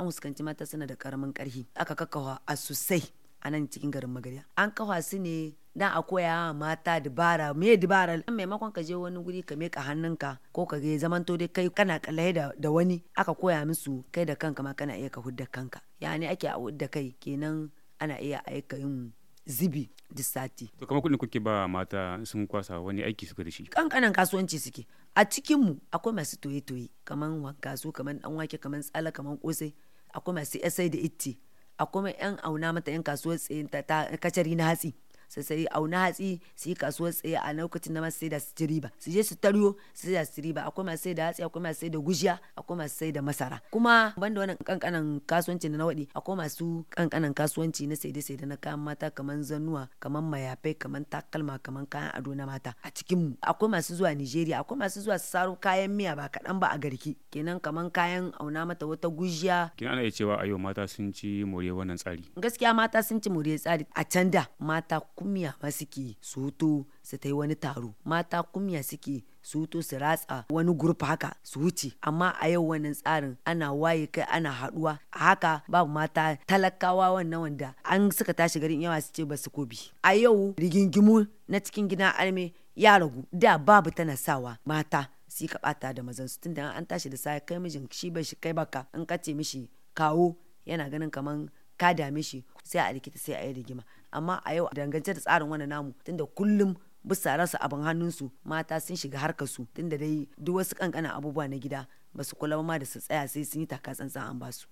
an fuskanci mata suna da karamin karhi aka kakkawa a sosai a nan cikin garin magariya an kawa su ne dan a koya wa mata dubara me dubara maimakon ka je wani guri ka meka hannunka ko ka ga zamanto dai kai kana kallaye da, wani aka koya musu kai da kanka ma kana iya ka hudda kanka yani ake a hudda kai kenan ana iya aika yin zibi duk sati. To kamar kudin kuke ba mata sun kwasa wani aiki suka da shi? Kankanan kasuwanci suke. A cikin mu akwai masu toye-toye kamar su kamar ɗan wake, kamar tsala, kamar kosai. akwai masu sai da itti akwai yan auna mata yan kasuwar tsayin ta kacari na hatsi su sai auna hatsi su yi kasuwar tsaye a lokacin da masu sai da sitiri ba su je su taryo su sai da sitiri ba akwai masu sai da hatsi akwai masu sai da gujiya akwai masu sai da masara kuma ban da wannan kankanan kasuwanci na nawaɗi akwai masu kankanan kasuwanci na sai da sai da na kayan mata kamar zannuwa kamar mayafai kamar takalma kamar kayan ado na mata a cikin mu akwai masu zuwa Nigeria akwai masu zuwa su saro kayan miya ba kaɗan ba a garki kenan kamar kayan auna mata wata gujiya kenan ana iya cewa a yau mata sun ci more wannan tsari gaskiya mata sun ci more tsari a can da mata kumya ma suke su su ta yi wani taro mata kumya suke su su ratsa wani gurfa haka su wuce amma a yau wannan tsarin ana waye kai ana haduwa a haka babu mata talakawa wannan wanda an suka tashi garin yawa su ce ba su kobi a yau rigingimu na cikin gidan arme ya ragu da babu tana sawa mata su ka bata da mazan su tunda an tashi da sa kai mijin shi bai shi kai baka in ka ce mishi kawo yana ganin kamar ka dame shi sai a rikita sai a yi rigima amma a yau dangance da tsarin wannan namu tunda kullum bisa rasa abin hannunsu mata sun shiga harkar su tunda dai duk wasu kankanan abubuwa na gida ba su kula ma da su tsaya sai sun yi taka tsantsan an basu